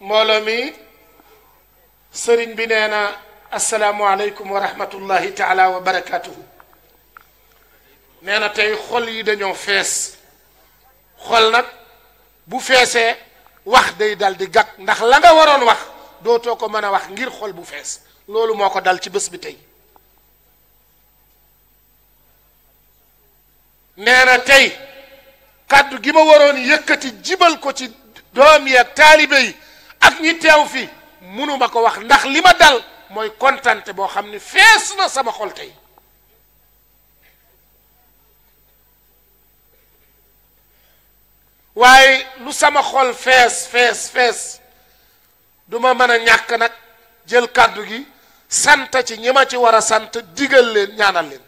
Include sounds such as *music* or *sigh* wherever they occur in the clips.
mbooloo mi sëriñ bi nee na asalaamualeykum wa rahmatullahi taala wa barakaatuhu nee na tey xol yi dañoo fees xol nag bu feesee wax day dal di gàkk ndax la nga waroon wax dootoo ko mën a wax ngir xol bu fees loolu moo ko dal ci bés bi tey nee na tey kàddu gi ma waroon yëkkati jibal ko ci doom yi ak taalibe yi ak ñi teew fi munuma ko wax ndax li ma dal mooy kontante boo xam ni fees na sama xol tey waaye lu sama xol fees fees duma mën a ñàkk nag jël kàddu gi sant ci ñi ma ci war a sant digal leen ñaanal leen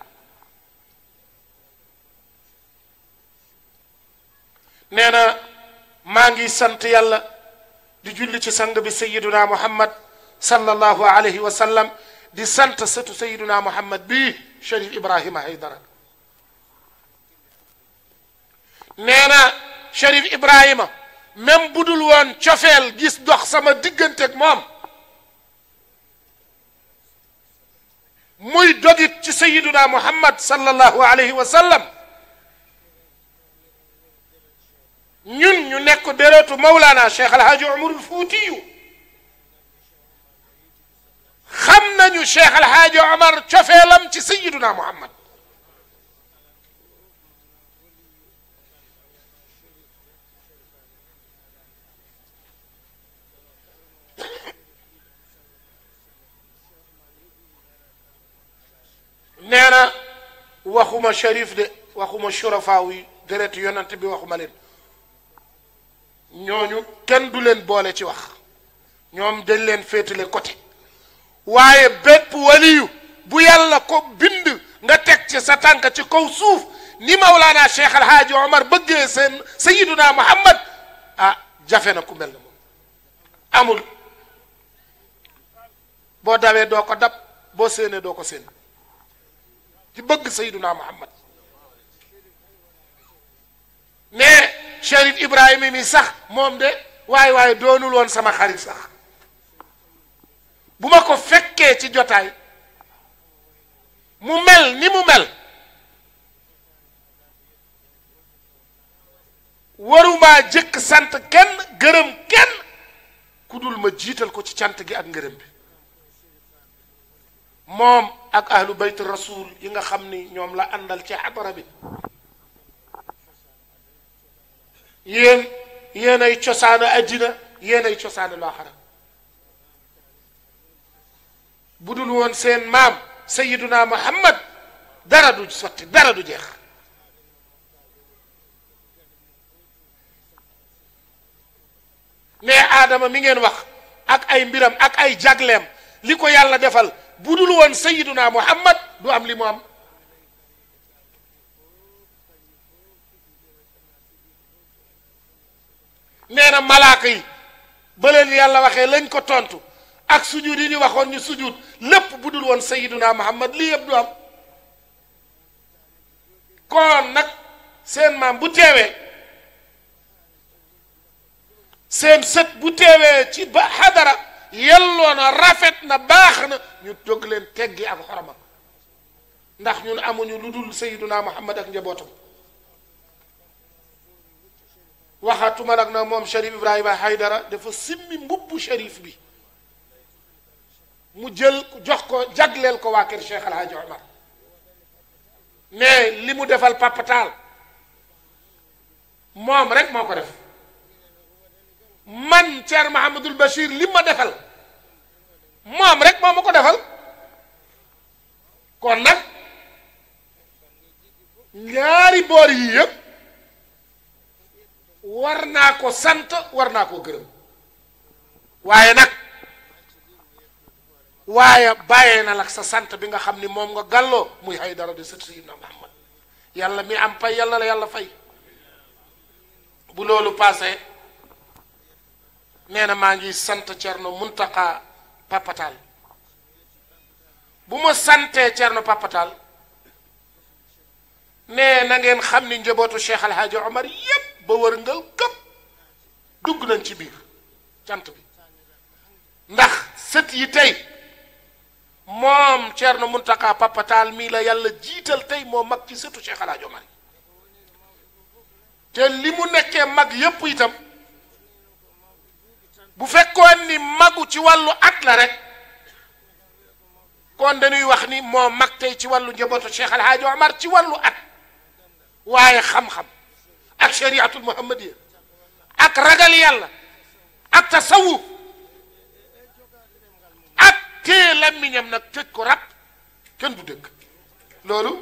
nee maa ngi sant yàlla di julli ci sang bi sayiduna muhammad sallallahu alayhi wa sallam di sant sëtu sayiduna muhammad bii Cherif Ibrahima Haydara nee na Cherif Ibrahima même budul woon cofeel gis dox sama digganteeg moom muy dogit ci sayiduna muhammad sallallahu alayhi wa sallam ñun ñu nekk deretu Mawlana Cheikh El Hadj Omarul Fuutiyu xam nañu Cheikh El Hadj Omar cofeelam ci Sayyiduna Muhammad nee na waxuma sharif de waxuma shurafaaw yi deret yonent bi waxuma ñooñu kenn du leen boole ci wax ñoom dañ leen féetale côté waaye bépp waliyu bu yàlla ko bind nga teg ci sa tànk ci kaw suuf ni Mawlaana Cheikh Al Hadj Omar bëggee seen Sayyiduna Muhammad ah jafe na ku mel ne moom amul boo dawee doo ko dab boo séenee doo ko séen ci bëgg Sayyiduna Muhammad mais. Cherif Ibrahima mi sax moom de waaye waaye doonul woon sama xarit sax bu ma ko fekkee ci jotaay mu mel ni mu mel waruma jëkk sant kenn gërëm kenn ku dul ma jiital ko ci cant gi ak ngërëm bi moom ak ahlu bayt rasul yi nga xam ni ñoom la àndal ci xadara bi yéen yéenay cosaanu àddina ay cosaanu laaxara xara budul woon seen maam sayiduna muhammad dara du sotti dara du jeex mais aadama mi ngeen wax ak ay mbiram ak ay jagleem li ko yàlla defal bu woon sayiduna muhammad du am li mu am nee na malaaka yi ba leen yàlla waxee lañ ko tontu ak sujud yi ñu waxoon ñu sujud lépp bu dul woon sayiduna muhammad lii yëpp du am kon nag seen maam bu teewee seen sët bu teewee ci ba xadara yelloo na rafet na baax na ñu jóg leen teggi am xoroma ndax ñun amuñu lu dul sayiduna muhammad ak njabootam waxatuma nag na moom Cherif ay Haydara dafa simmi mbubbu Cherif bi mu jël jox ko jagleel ko waa kër Cheikh El Hadj mais li mu defal papataal moom rek moo ko def man Thierno Mahamadul Bachir li ma defal moom rek moo ma ko defal kon nag ñaari boor yi yëpp. war naa ko sant war naa ko gërëm waaye nag waaye bàyyee na la sa sant bi nga xam ni moom nga gàlloo muy Haydara di sët Sayyidina Muhammad yàlla mi am pay yàlla la yàlla fay bu loolu paase nee na maa ngi sant Cerno muntaka Papatal bu ma santee Cerno Papatal nee na ngeen xam ni njabootu Cheikh Alhaaji Omar yépp ba wërngal këpp dugg nañ ci biir cant bi ndax sët yi tey moom Thierno na Papa Tall mii la yàlla jiital tey moo mag ci sëtu Cheikh El Hadj te li mu nekkee mag yëpp itam bu fekkoon ni magu ci wàllu at la rek kon danuy wax ni moo mag tey ci wàllu njabootu Cheikh El Hadj Omar ci wàllu at waaye xam-xam ak chariatul muhammadiya ak ragal yàlla ak tasawuf ak tee làmmiñam nag tëj ko rab kenn du dëkk loolu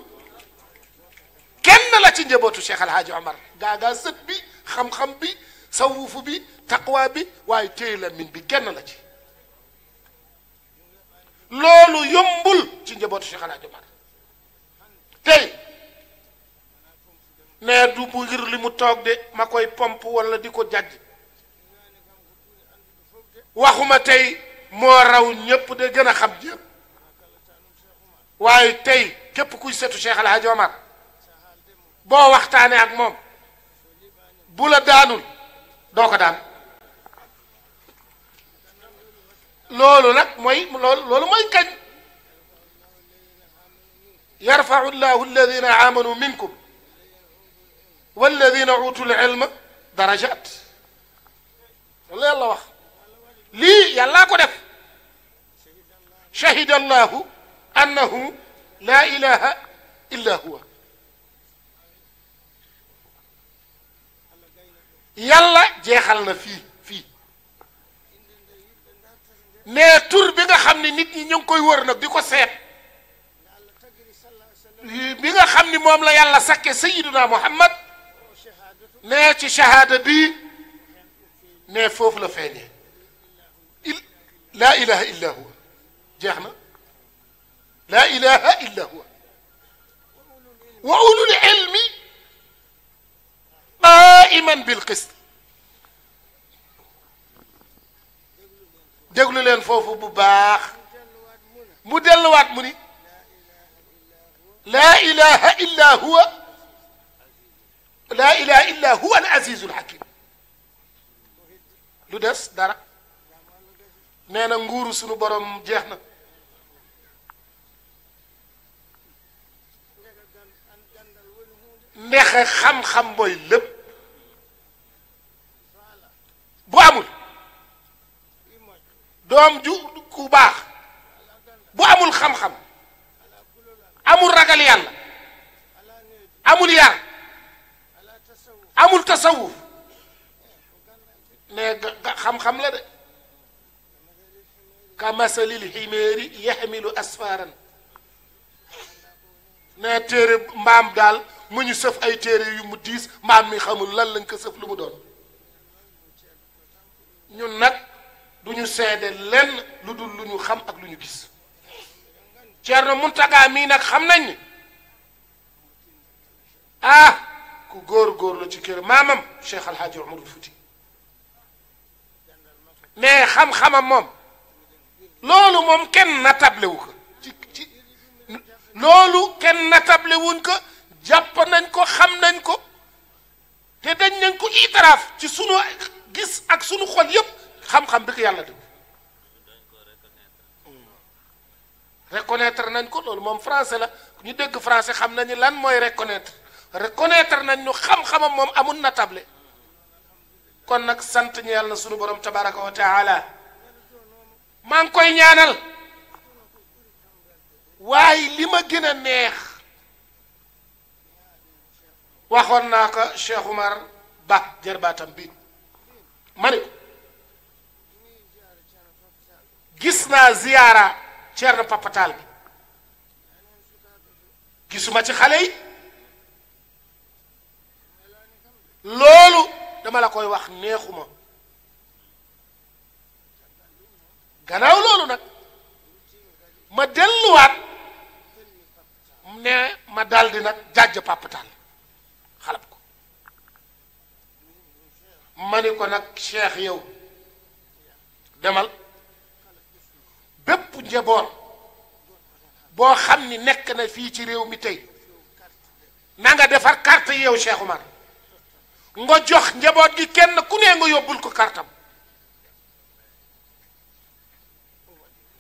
kenn la ci njabootu Cheikh Alhaaji Omar gaagaa sët bi xam-xam bi sawufu bi taqwa bi waaye téye làmmiñ bi kenn la ci loolu yombul ci njabootu Cheikh Alhaaji Omar tey nee du bu ngir li mu toog de ma koy pomp walla di ko jàjj waxuma tey moo raw ñépp de gën a xam ñépp waaye tey képp kuy setu Cheikh El Hadj Omar boo waxtaanee ak moom bu la daanul doo ko daan loolu nag mooy loolu loolu mooy kañ yarfau llahu alladina amanu minkum walladina utul ilma darajat loolu yàlla wax lii yàllaa ko def shahida allahu annahu laa ilaha illa huwa yàlla jeexal na fii fii ne tur bi nga xam ne nit ñi ñu koy wër nag di ko seet bi nga xam ni moom la yàlla sakke sayiduna muhammad nee ci shahaada bii nee foofu la feeñee il laa ilaha illa huwa jeex na laa ilaha illa huwa wa ulul ilmi qaiman bil qist déglu leen foofu bu baax mu delluwaat mu ni laa ilaha illa huwa laa ilaha illa huwa al azizul hakim lu des dara nee na nguuru sunu borom jeex na ndexe xam-xam mooy lépp bu amul doom ju ku baax bu amul xam-xam amul ragal yàlla amul yar amul tasawuf ne xam-xam la de ka masalil ximéeri yaxmilu asfaran ne téere mbaam daal mu ñu sëf ay téere yu mu diis mbaam mi xamul lan lañ ko sëf lu mu doon ñu nag du ñu seede lenn lu dul lu ñu xam ak lu ñu gis Ceerno Muntaga mii nag xam nañ ni ah ku góor-góor la ci kër maamam Cheikh Al Hadj Omarul Fouti mais xam-xamam moom loolu moom kenn natable wu ko ci ci loolu kenn natable wuñ ko jàpp nañ ko xam nañ ko te dañ nañ ko itaraaf ci sunu gis ak sunu xol yépp xam-xam bi ko yàlla def reconnaître nañ ko loolu moom français la ñu dégg français xam nañu lan mooy reconnaître reconnaître nañ ñu moom amul na table kon nag sant ñeel na sunu borom tabaraka wa taala maa ngi koy ñaanal waaye li ma gën neex waxoon naa ko Cheikh Oumar Ba jërbaatam bi ma gis naa ziyaara Ceerno Papatal bi gisuma ci xale yi loolu dama la koy wax neexuma gannaaw loolu nag ma delluwaat ne ma daldi nag jàjj pàppataan xalab ko ma ni ko nag cheikh yow demal bépp njaboot boo xam ni nekk na fii ci réew mi tey na nga defar carte yow Cheikh nga jox njaboot gi kenn ku ne nga yóbbul ko kartam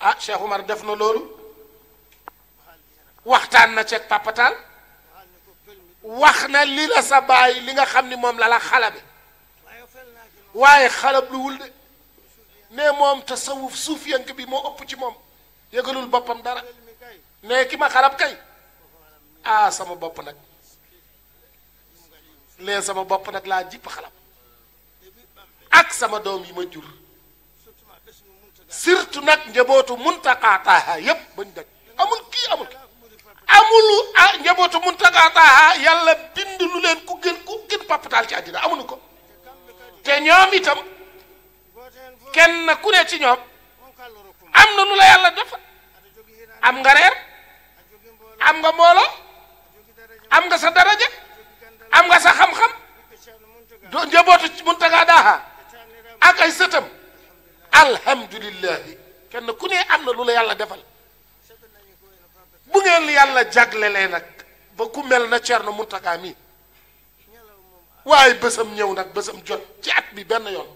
ah Cheikh Umar def na loolu waxtaan na ceeg papataan wax na li la sa bàyyi li nga xam ni moom la la xalabe waaye xalab luwul de ne moom tasawuf suuf yënk bi moo ëpp ci moom yëgalul boppam dara ne ki ma xalab kay ah sama bopp nag lee sama bopp nag laa jipp xalam ak sama doom yi ma jur surtout nag njabootu muntaqa taaha yépp bañ daj amul kii amul kii amul ah njabootu muntaqa yàlla bind lu leen ku gën ku gën papataal ci àddina amuñu ko te ñoom itam kenn ku ne ci ñoom am na lu la yàlla def am nga reer am nga mbooloo am nga sa daraja am nga sa xam-xam doo njabootu Muntaga Daha ak ay sëtam alhamdulillahi kenn ku ne am na lu la yàlla defal bu ngeen yàlla jaglelee nag ba ku mel na Thierno Muntaga mi waaye bësam ñëw nag bësëm jot ci at bi benn yoon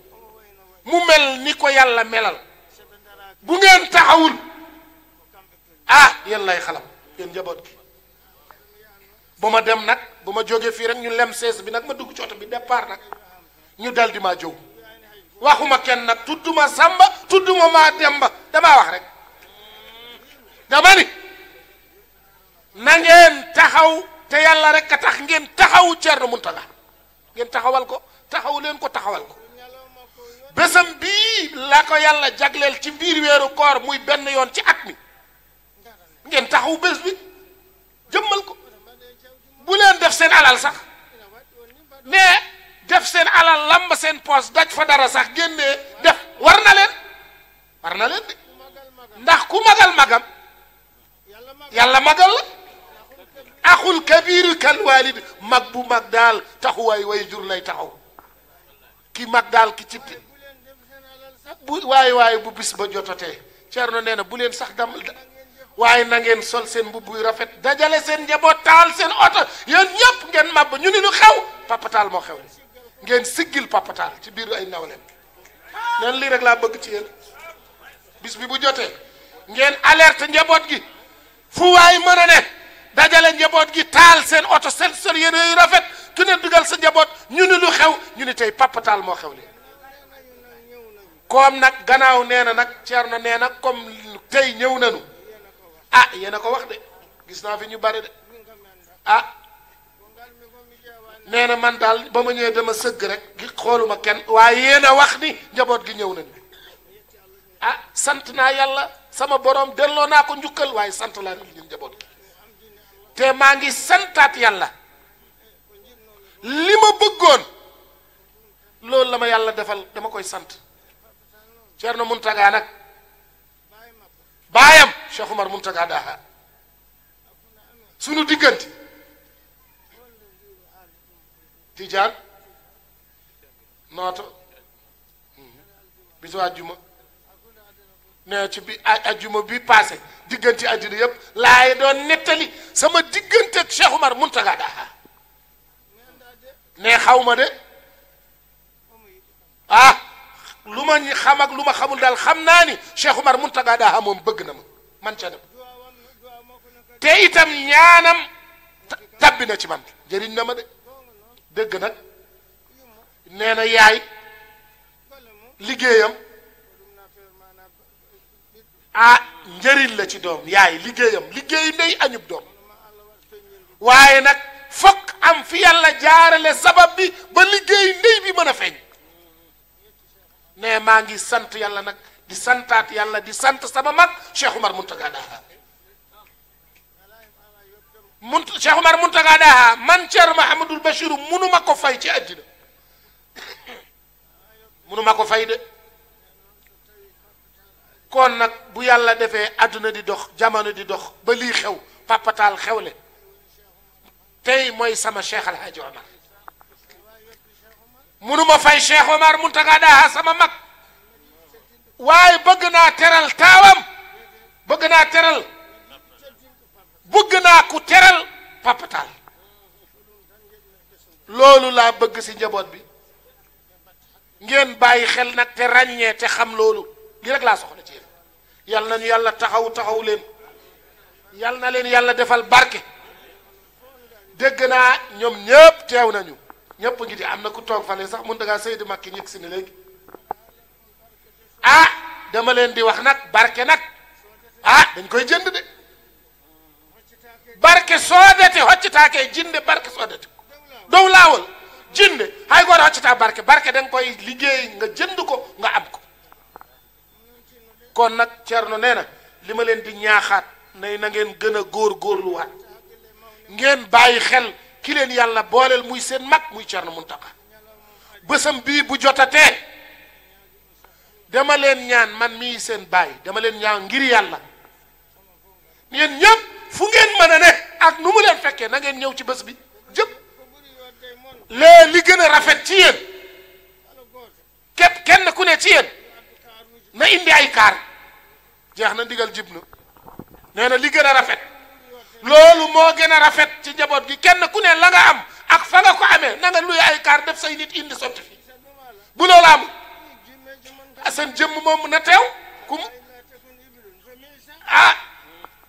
mu mel ni ko yàlla melal bu ngeen taxawul ah yéen lay xalam yéen njaboot gi ba ma dem nag bu ma jógee fii rek ñu lem sees bi nag ma dugg ci oto bi départ nag ñu dal di jóg waxuma kenn nag tudduma sàmba tudduma maa demba damaa wax rek dama ni na ngeen taxaw te yàlla rek a tax ngeen taxawu Ceerno Muntaga ngeen taxawal ko taxaw leen ko taxawal ko bésam bii la ko yàlla jagleel ci biir weeru koor muy benn yoon ci at mi ngeen taxaw bés bi jëmmal ko bu leen def seen alal sax mais def seen alal lamb seen poos daj fa dara sax génnee def war na leen war na leen de ndax ku magal magam yàlla magal la axul kabiru kal walid mag bu mag daal taxuwaay way jur lay taxaw ki mag daal ki cibti bu waaye waaye bu bis ba jotatee Ceerno nee na bu leen sax dam waaye na ngeen sol seen mbubb yu rafet dajale seen njaboot taal seen oto yéen ñëpp ngeen màbb ñu ni lu xew papataal moo xew ngeen siggil papataal ci biir ay nawleen neen lii rek laa bëgg ci yéen bu jotee ngeen alerte njaboot gi fu waay mën dajale njaboot gi taal seen oto seen sol rafet ku ne dugal sa njaboot ñu xew ñu ni tey papataal moo xew leen comme nag gannaaw nee na nag Thierno nee na comme tey ñëw nañu ah yéen a ko wax de gis naa fi ñu bari de ah nee na man daal ba ma ñëwee dama sëgg rek gi xooluma kenn waaye yéen a wax ni njaboot gi ñëw nañ ah sant naa yàlla sama borom delloo naa ko njukkal waaye sant laa ñu ñun njaboot gi te maa ngi santaat yàlla li ma bëggoon loolu la ma yàlla defal dama koy sant Thierno Mountaga nag. baayam Cheikh Umar Muntaga Daha sunu diggante Tijaan nooto hmm. bisu àjjuma ne ci bi àjjuma bi passé diggante àddina yëpp laay doon nettali sama diggante ak Cheikh Umar Muntaga Daha ne xaw ma de ah lu ma ñu xam ak lu ma xamul daal xam naa ni Cheikh Umar Muntaga Daha moom bëgg na ma man ca dem te itam ñaanam tabbi na ci man jëriñ na ma de dëgg nag nee na yaay liggéeyam ah njëriñ la ci doom yaay liggéeyam liggéey ndey añub doom waaye nag fokk am fi yàlla jaarale sabab bi ba liggéey ndey bi mën a feeñ ne maa ngi sant yàlla nag di santaat yàlla di sant sama mag Cheikh Umar Muntaga Daha mun Cheikh Umar Muntaga Daha man Thierno Mahamadul Bachir munuma ko fay ci àddina munuma ko fay de kon nag bu yàlla defee àdduna di dox jamono di dox ba lii xew papataal xewle tey mooy sama Cheikh Alhaji Omar mënuma fay Cheikh Omar Mountaga Daha sama mag waaye bëgg naa teral taawam bëgg naa teral bëgg naa ku teral papatal loolu laa bëgg ci njaboot bi ngeen bàyyi xel nag te ràññee te xam loolu li rek laa soxla ci yéen yal nañu yàlla taxaw taxaw leen yal na leen yàlla defal barke dégg naa ñoom ñépp teew nañu ñépp ngi di am na ku toog fale sax mun dangaa sëy di makk ñëg si ne léegi ah dama leen di wax nag barke nag ah dañ koy jënd de barke soodete hoccitaake jinde barke soodete dow laawol jinde hay goto hoccita barke barke da koy liggéey nga jënd ko nga am ko kon nag cer Thierno nee na li ma leen di ñaaxaat nay na ngeen gën a góor góorluwaat ngeen bàyyi xel ki leen yàlla booleel muy seen mag muy Cerno Muntaxa bésam bii bu jotatee dama leen ñaan man mii seen bàyyi dama leen ñaan ngir yàlla yéen ñëpp fu ngeen mën a ne ak nu mu leen fekkee nangeen ñëw ci bës bi jëpp lee li gën a rafet ci yéen képp kenn ku ne ci yéen na indi ay kaar jeex na ndigal jib na nee na li gën a rafet loolu moo gën a rafet ci njaboot gi kenn ku ne la nga am ak fa nga ko amee na nga luy ay kaar def say nit indi sotti fi bu loolu a asan ah, jëmm moom na teew ku ah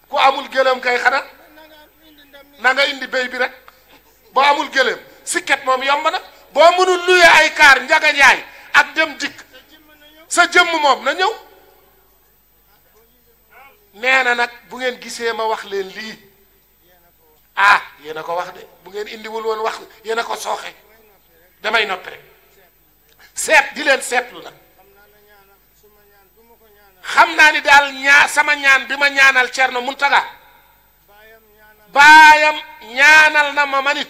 ku amul gëléem kay xanaa na nga indi béy bi rek boo amul gëléem sikket moom yomb na boo mënul luye ay kaar njaga njaay ak dem dikk sa jëmm moom na ñëw nee na nag bu ngeen gisee ma wax leen lii ah yéen a ko wax de bu ngeen indiwul woon wax yéen a ko sooxe damay noppi rek seet di leen seetlu nag xam naa ni daal ñaa sama ñaan bi ma ñaanal Cerno Muntaga baayam ñaanal na ma manit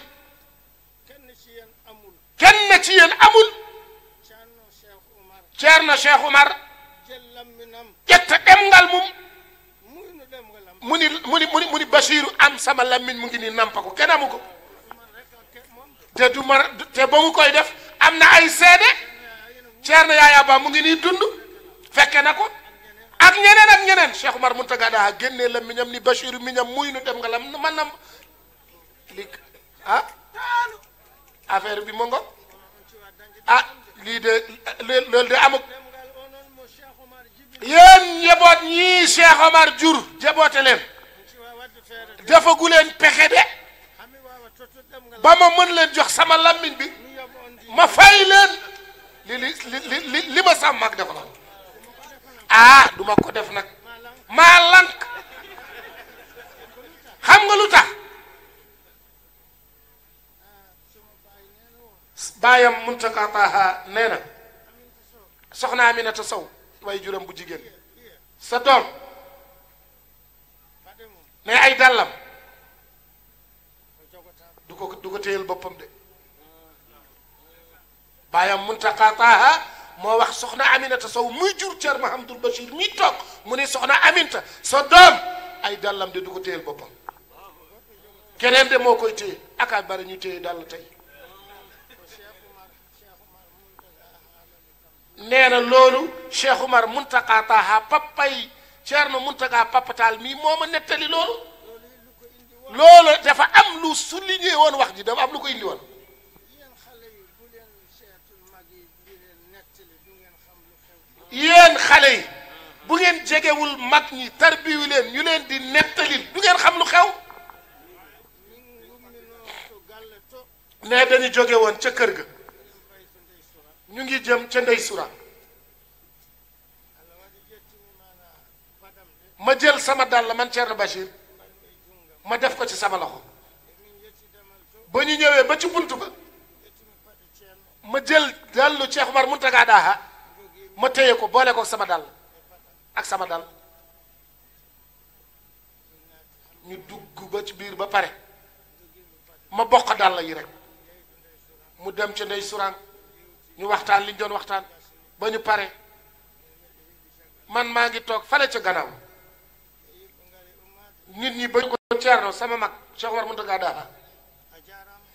kenn ci yéen amul Cerno Cheikh Umar jetta dem ngal mum mu ni mu ni mu ni mu am sama lammiñ mu ngi nii nampa ko kenn te du koy def am na ay seede Ceerno Yaaya Ba mu ngi ni dund fekke na ko ak ñeneen ak ñeneen Cheikh Umar Muntaga daa génnee lammiñam ni Bachir miñam muy nu dem nga lam ma nam li ah affaire bi mu ngo ah, lii de loolu de amuk yéen njaboot ñii Cheikh Omar jur jaboote leen defagu leen pexe de ba ma mën leen jox sama lammiñ bi ma fay leen li li li li ma sàmm ak dafa la ah du ko def nag maa lank xam nga lu tax baayam Muntaqa Taha nee na soxna Aminata Sow waaye juram bu jigéen sa doom ne ay dàllam du ko du ko téyel boppam de baayam Muntaqa Taaha moo wax soxna Aminata Sow muy jur Thierno Mahamadul Bachir mi toog mu ne soxna Aminta sa doom ay dàllam de du ko téyel boppam keneen de moo koy téye ak bari ñu téye dàll tey nee na loolu Cheikh Umar Muntaqa Taha papay Ceerno Muntaqa Papataal mii moo ma nettali loolu loolu dafa am lu souligné woon wax ji dafa am lu ko indi woon yéen xale yi bu ngeen jegewul mag ñi tarbiyu ñu leen di nettali du ngeen xam lu xew ne dañu jóge woon ca kër ga ñu ngi jëm ca ndey sura ma jël sama dàll man Thierno Bachir ma def ko ci sama loxo ba ñu ñëwee ba ci bunt ba ma jël dàllu Cheikh Omar Muntaga Daha ma téye ko boole ko sama dàll ak sama dàll ñu dugg ba ci biir ba pare ma bokk dàll yi rek mu dem ca ndey suraan ñu waxtaan li ñu doon waxtaan ba ñu pare man maa ngi toog fale ca gannaaw nit ñi bañ ko ceerno sama mag Cheikh Omar Mountaga Daha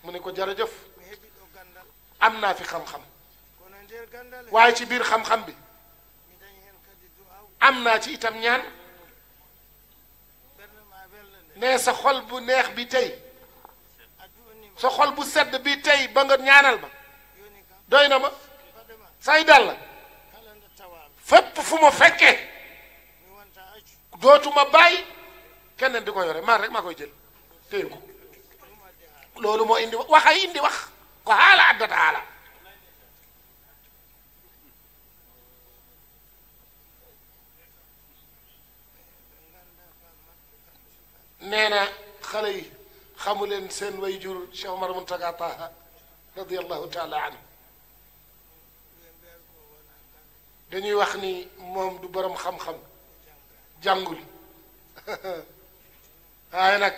mu ne ko jërëjëf am naa fi xam-xam waaye ci biir xam-xam bi am naa ci itam ñaan nee sa xol bu neex bi tey sa xol bu sedd bi tey ba nga ñaanal ma doy na ma say dàll fépp fu ma fekkee dootuma bàyyi keneen di ko yore man rek maa koy jël téye ko loolu moo indi wax indi wax ko xaala addata xaala nee na xale yi xamu leen seen way jur Cheikh Omar Muntaga Taha radiallahu taala anhu dañuy wax ni moom du borom xam-xam jàngul *laughs* waaye nag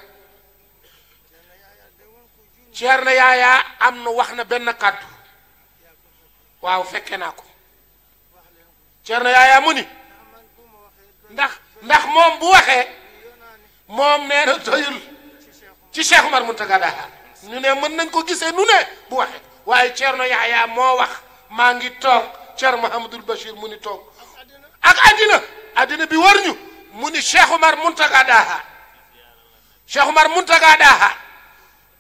na Yaaya am na wax na benn kàddu waaw fekke naa ko Ceerno Yaaya mu ndax ndax moom bu waxee moom nee na doyul ci Cheikh Umar Muntaga Daha ñu ne mën nañ koo gisee nu bu waxee waaye Ceerno Yaaya moo wax maa ngi toog Cheikh Mouhamadul Bachir mu ni toog ak àddina bi war ñu mu ni Cheikh Umar Muntaga Daha Cheikh Umar Muntaga Daha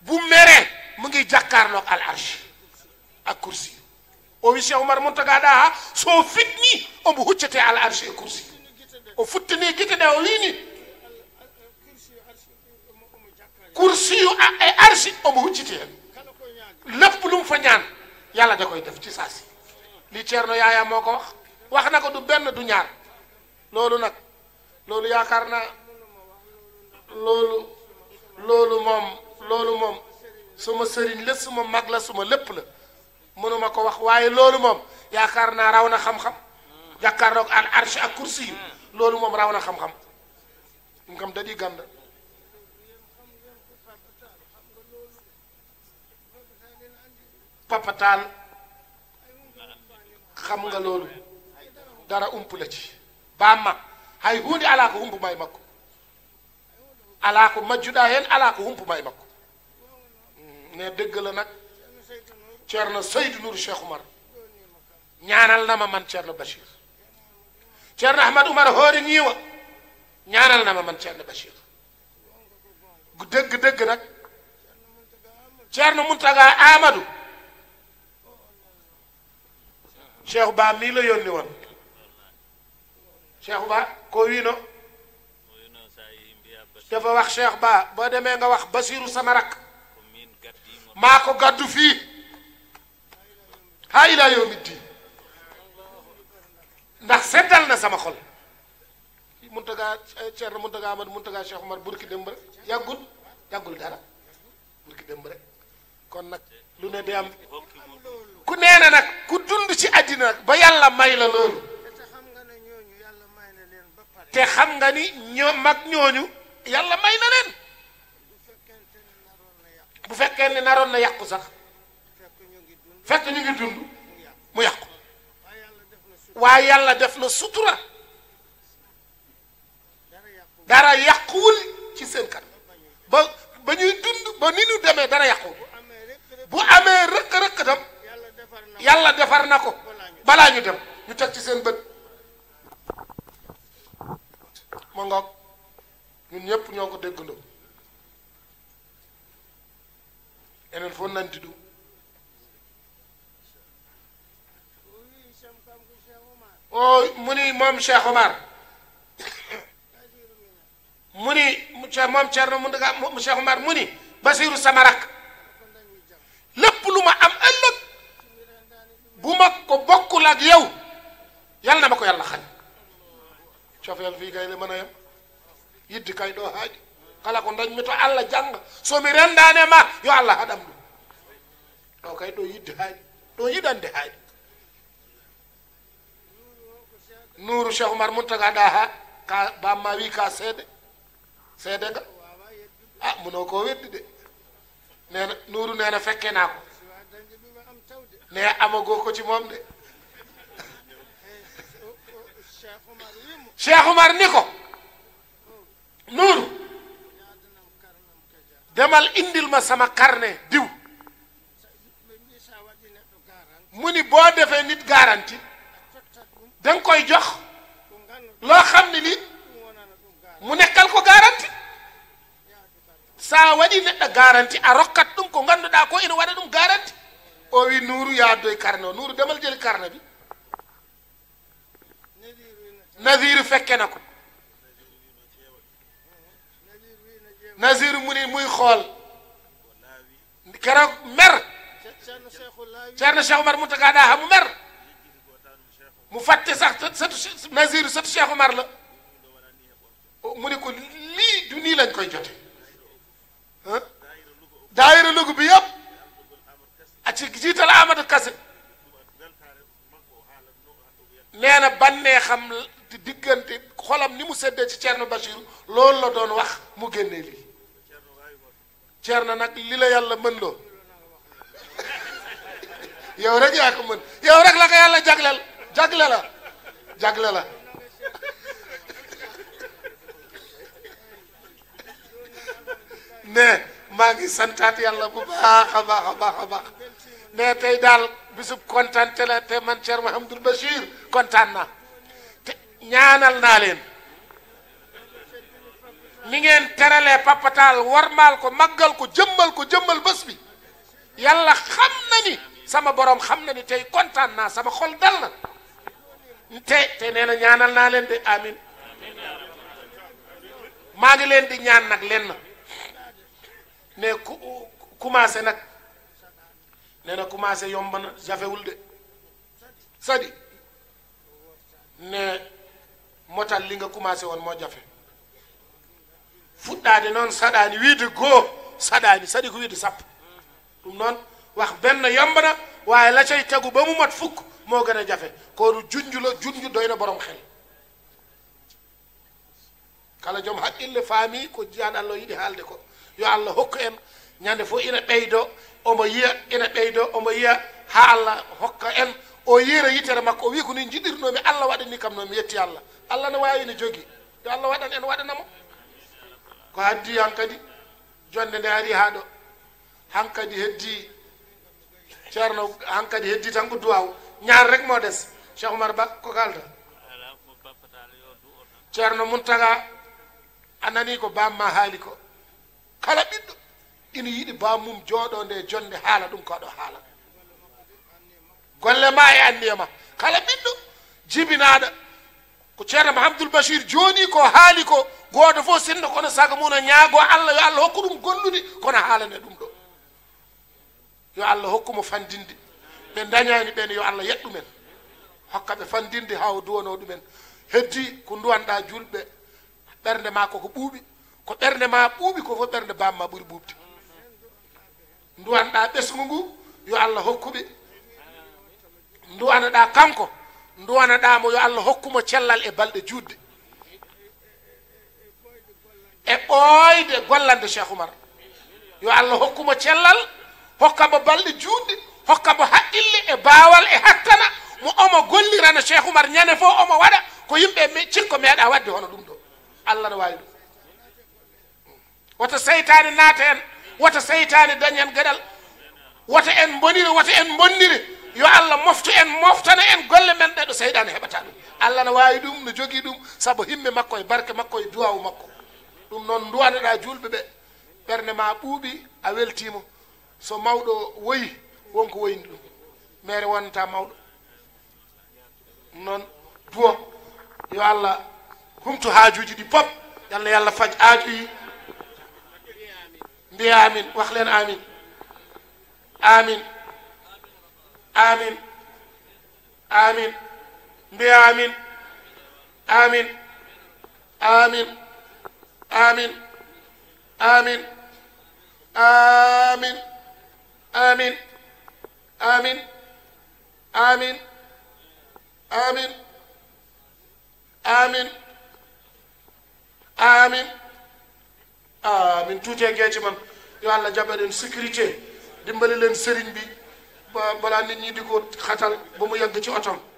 bu meree mu ngi jàkkaarloog al arsh ak kursi o wi Cheikh Umar Muntaga Daha so fitni omo huccete al arsh e kursi o futtini gite ɗe o wiini kursi yu e arshi omo hucciti hen lépp lu mu fa ñaan yàlla da koy def ci saasi li Thierno Yaaya moo ko wax wax na ko du benn du ñaar loolu nag loolu yaakaar naa loolu loolu moom loolu moom suma sëriñ la suma mag la suma lépp la mënuma ko wax waaye loolu moom yaakaar naa raw na xam-xam jàkkaarloog al arsh ak kursi yi loolu moom raw na xam-xam ngam da di papataal xam nga loolu dara ump la ci bamma hay hunde ala ko humpuma e makko ala ko majjuɗa hen ala ko humpuma hmm, ne dëgg la nag ceerno seydou nour cheikh oumar ñaanal na ma man ceerno bachir ceerno ahmad oumar hoore ñiiwa ñaanal na ma man ceerno bachir dëgg dëgg nag ceerno muntaga amadou Cheikh baa mii la yónni woon Cheikh Ba ko wiino dafa wax Cheikh Ba boo demee nga wax basiiru sama rakk maa ko gàddu fii haa ilaa yawmi ddiin ndax seddal na sama xol Muntaga Ceerno Muntaga Amadu Muntaga Cheikh Omar burki démb rek yàggul yàggul dara burki démb rek kon nag lu ne di am ku nee na nag ku dund ci àddina nag ba yàlla may la loolu te xam nga ni ñoo mag ñooñu yàlla may na leen bu fekkee ne naroon na yàqu sax fekk ñu ngi dund mu yàqu waa yàlla def na sutura dara yàquwul ci seen kanam ba ba ñuy dund ba ni ñu demee dara yàquwul bu amee rëq-rëq tam yàlla defar na ko balaa ñu dem ñu teg ci seen bët ma ngoog ñun ñëpp ñoo ko déggandoo enen fof nanti ɗum o muni moom cheikh omar muni moom ceerno mundaga muni basiru samarak lépp lu ma am ëllëg bokkul ak yow yàlla na ma ko yàlla kay la mën a yiddi kay doo haaji kala ko dañ mi to allah janga somi rendaane ma yo allah haɗam ɗum ɗo kay ɗo yidde haaji ɗo yiɗande haaji nuru cheikh oumar muntaga ɗa ha ka bamma wi ka seede seede nga a ah, muno ko weddi de nena nuru nena fekkenako ne amago koci mom de Cheikh Umar ni ko nuuru demal indil ma sama karne diw mu boo defee nit garanti da koy jox loo xam ne ni mu nekkal ko garanti sa waɗi neɗɗo garanti a rokkat ɗum ko ngannduɗaa ko ina waɗa ɗum garanti o wi nuuru yaaddoye carnet o nuuru demal jeli karne bi Naziru fekke na ko Naziru mu ni muy xool keroog mer Ceerno Cheikh Umar Mountaga Daha mu mer mu fàtte sax sëtu Naziru sëtu Cheikh Umar la mu ne ko lii du nii lañ koy jotee ah daayira Louga a ci jiital Amadou Kassé nee na bannee xam. di diggante xolam ni mu seddee ci Thierno Bachir loolu la doon wax mu génnee lii Thierno nag lila la yàlla mën loo yow rek yaa ko mën yow rek la ko yàlla jagleel jagle la jagle la ne maa santaat yàlla bu baax a baax a baax a baax ne tey daal bisub kontaan te la te man Thierno Mouhamadou Bachir kontaan na ñaanal naa leen ni ngeen teralee papataal warmaal ko màggal ko jëmmal ko jëmmal bés bi yàlla na ni sama borom xam na ni tey kontaan naa sama xol dal na te te nee ñaanal naa leen de amin maa ngi leen di ñaan nag leen na ne ku nag nee na commencé yomb na jafewul de sadi ne motal li nga commencé woon moo jafe fuɗɗaade noon saɗaani wiide goo saɗaani saɗi ko wiide sappo ɗum noon wax benn yombana waaye la cay tegu mat fukk moo gën jafe koonu junju la junju doy na borom xel kala jom haqqille faami ko jiyan allah yiɗi haalde ko yo allah hokku en ñande fof ina ɓeydo omo yiya ina ɓeydo omo yiya haa hokka en o yiira yitere makko o wi ko ni jiɗirnomi allah waɗani kam noon mi yetti allah allah ne wawi ne jogui yo allah waɗan en waɗanamo ko haddi han jonde nde ari ha ɗo han heddi ceerno han kadi rek moo des cheikh oumar ba ko kalda ceerno muntaga a nani ko bamma haali ko kala ɓiɗɗo ina yiɗi bammum jooɗonde e jonde haala ɗum ko ɗo haala golle ma e anndiyema kala ɓiɗɗo jibinaaɗo ko ceerno mahamdoul bachir jooni ko haali ko gooto fof sinno kono saga mum allah yo allah hokku ɗum gollude kono haalane ɗum ɗo yo allah hokkumo fandinde ɓe dañani ɓen yo allah yet ɗumen hokka ɓe fandinde ha o duwano ɗumen heddi ko duwanɗa julɓe ɓernde ma koko ɓuuɓi ko ɓernde ma ɓuuɓi ko fof ɓernde bamma ɓuuri ɓuuɓde duwanɗa ɓesgu ngu yo allah hokkuɓe duwanaɗa kanko duwanaɗamo yo allah hokkumo cellal e balɗe juutde e ɓooyde gollande cheikh yo allah hokkumo cellal hokkamo balɗe juutɗe hokkamo haqqille e baawal e hakkana mo omo gollirana cheikh oumar fof omo waɗa ko yimɓe cikko meeɗa wadde hono ɗum ɗo allah ne wawi ɗum woto seytani naata en woto seytani dañi hen gueɗal en boniri woto en bonniri yo allah moftu en moftana en golle men ɗe ɗo seyɗani heɓata allah ne wawi ɗum no jogui ɗum saabu himme makko e barke makko e duwawu makko ɗum noon duwaneɗa julɓe ɓe ɓerde ma ɓuuɓi a weltimo so mawɗo woyi wonko woyini ɗum mere wonta mawɗo noon duwo yo allah humtu haajuji ɗi pop yalno yo faj aajoyi mbiya amin wahlen amin amin amin mbiya amin amin amin amin amin amin amin amin amin amin amin amin amin tuutee gee ci man yo Allah jaɓa leen sécurité dimbali leen sëriñ bi ba balaa nit ñi di ko xatal ba mu yegg ci otoom